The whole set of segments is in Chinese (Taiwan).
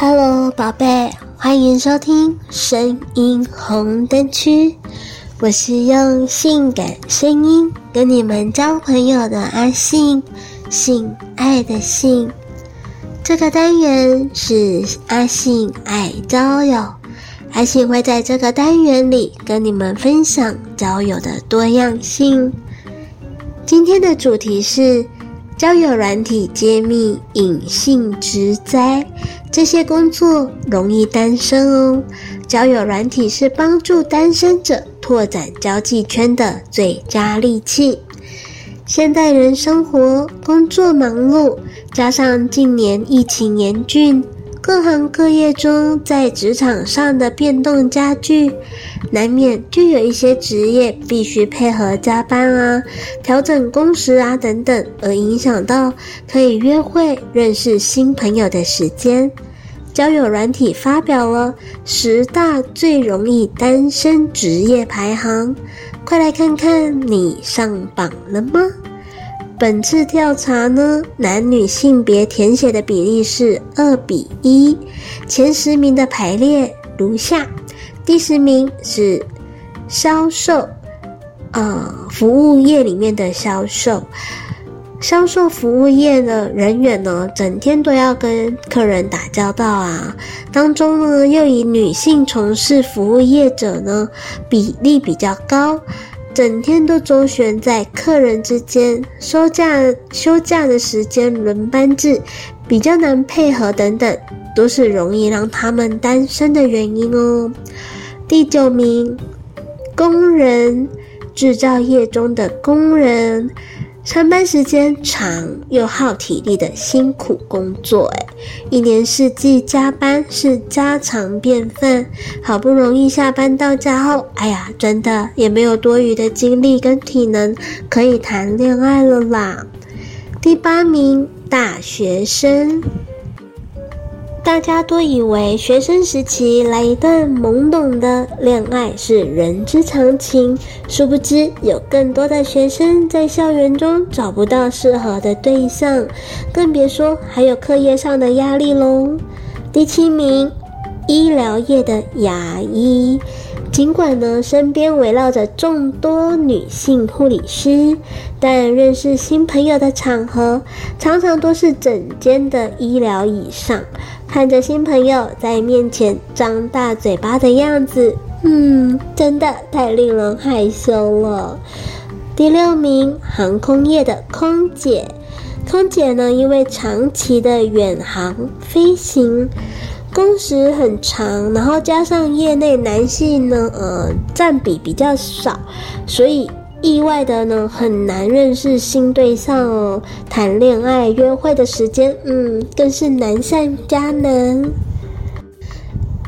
Hello，寶貝，歡迎收聽聲音紅燈區。我是用性感聲音跟你們交朋友的阿性，性愛的性。這個單元是阿性愛交友，阿性會在這個單元裡跟你們分享交友的多樣性。今天的主題是。交友軟體揭秘隱性職災，這些工作容易單身哦。交友軟體是幫助單身者拓展交際圈的最佳利器。現代人生活，工作忙碌，加上近年疫情嚴峻。各行各業中，在職場上的變動加劇，難免就有一些職業必須配合加班啊、調整工時啊等等，而影響到可以約會、認識新朋友的時間。交友軟體發表了十大最容易單身職業排行，快來看看你上榜了嗎？本次調查呢，男女性別填寫的比例是二比一。前十名的排列如下：第十名是銷售，呃，服務業裡面的銷售，銷售服務業的人員呢，整天都要跟客人打交道啊。當中呢，又以女性從事服務業者呢，比例比較高。整天都周旋在客人之間，休假、休假的時間、輪班制，比較難配合等等，都是容易讓他們單身的原因哦。第九名，工人，製造業中的工人。上班時間長又耗體力的辛苦工作，哎，一年四季加班是家常便飯。好不容易下班到家後，哎呀，真的，也沒有多餘的精力跟體能可以談戀愛了啦。第八名，大學生。大家都以為學生時期來一段懵懂的戀愛是人之常情，殊不知有更多的學生在校園中找不到適合的對象，更別說還有課業上的壓力嘍。第七名，醫療業的牙醫。儘管呢，身邊圍繞着眾多女性護理師，但認識新朋友的場合，常常都是診間的醫療椅上，看着新朋友在面前張大嘴巴的樣子，嗯，真的太令人害羞了。第六名，航空業的空姐，空姐呢，因為長期的遠航飛行。工時很長，然後加上業內男性呢，呃，占比比較少，所以意外的呢很難認識新對象哦，談戀愛、約會的時間，嗯，更是難上加難。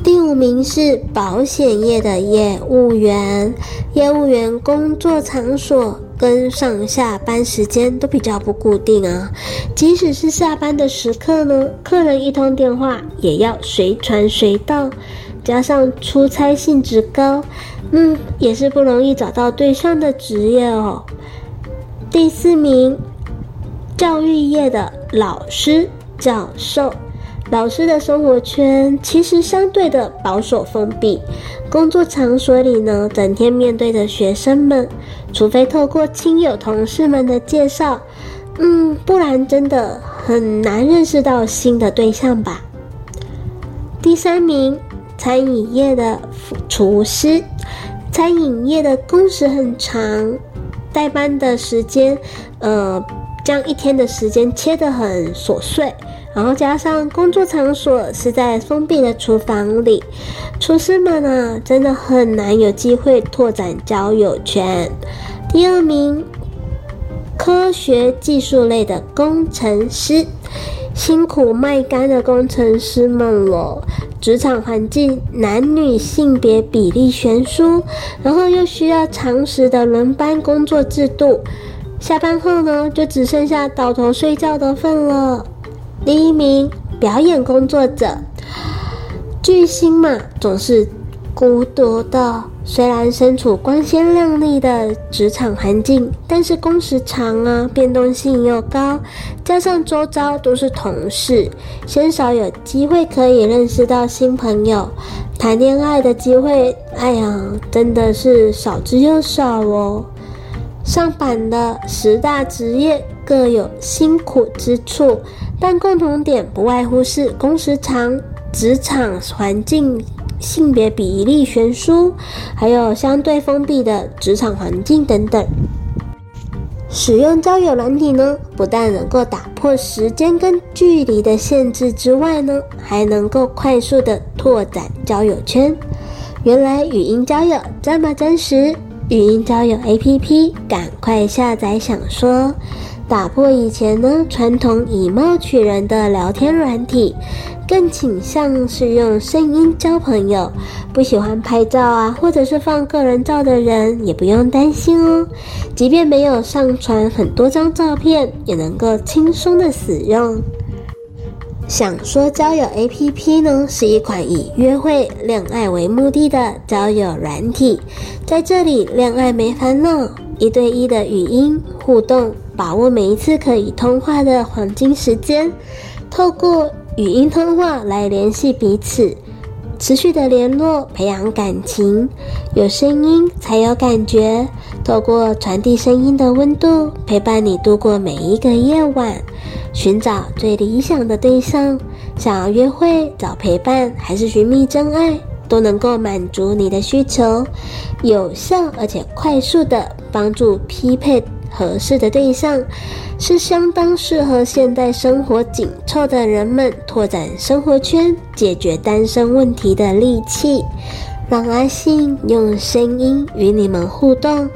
第五名是保險業的業務員，業務員工作場所跟上下班時間都比較不固定啊。即使是下班的時刻呢，客人一通電話也要隨傳隨到，加上出差性質高，嗯，也是不容易找到對象的職業哦。第四名，教育業的老師、教授，老師的生活圈其實相對的保守封閉，工作場所裡呢，整天面對着學生們，除非透過親友、同事們的介紹。嗯，不然真的很難認識到新的對象吧。第三名，餐飲業的廚師，餐飲業的工時很長，待班的時間，呃，將一天的時間切得很瑣碎，然後加上工作場所是在封閉的廚房裡，廚師們呢，真的很難有機會拓展交友圈。第二名。科學技術類的工程師，辛苦賣肝的工程師們了。職場環境男女性別比例懸殊，然後又需要長時間的輪班工作制度，下班後呢就只剩下倒頭睡覺的份了。第一名，表演工作者，巨星嘛總是孤獨的。雖然身處光鮮亮麗的職場環境，但是工時長啊，變動性又高，加上周遭都是同事，鮮少有機會可以認識到新朋友，談戀愛的機會，哎呀，真的是少之又少哦。上榜的十大職業各有辛苦之處，但共同點不外乎是工時長、職場環境。性別比例懸殊，還有相對封閉的職場環境等等。使用交友軟體呢，不但能夠打破時間跟距離的限制之外呢，還能夠快速的拓展交友圈。原來語音交友這麼真實，語音交友 APP，趕快下載，享說。打破以前呢傳統以貌取人的聊天軟體，更傾向是用聲音交朋友。不喜歡拍照啊，或者是放個人照的人也不用擔心哦。即便沒有上傳很多張照片，也能夠輕鬆的使用。享說交友 APP 呢，是一款以約會、戀愛為目的的交友軟體，在這裡戀愛沒煩惱，一對一的語音互動。把握每一次可以通話的黃金時間，透過語音通話來聯繫彼此，持續的聯絡，培養感情。有聲音才有感覺，透過傳遞聲音的溫度，陪伴你度過每一個夜晚。尋找最理想的對象，想要約會、找陪伴，還是尋覓真愛，都能夠滿足你的需求，有效而且快速的幫助匹配。合適的對象是相當適合現代生活緊湊的人們拓展生活圈、解決單身問題的利器。讓阿性用聲音與你們互動，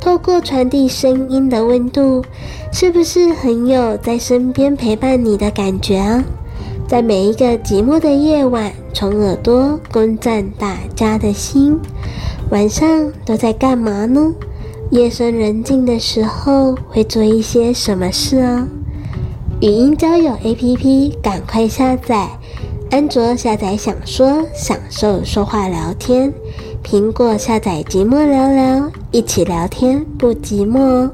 透過傳遞聲音的溫度，是不是很有在身邊陪伴你的感覺啊？在每一個寂寞的夜晚，從耳朵攻佔大家的心。晚上都在幹嘛呢？夜深人靜的時候會做一些什麼事啊、哦？語音交友 APP 趕快下載，安卓下載享說，享受說話聊天，蘋果下載寂寞聊聊，一起聊天不寂寞、哦。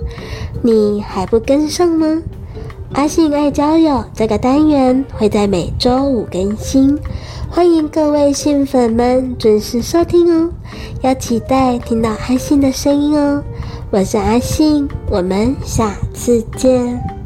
你還不跟上嗎？阿性愛交友這個單元會在每週五更新，歡迎各位性粉們準時收聽哦，要期待聽到阿性的聲音哦。我是阿性，我們下次見。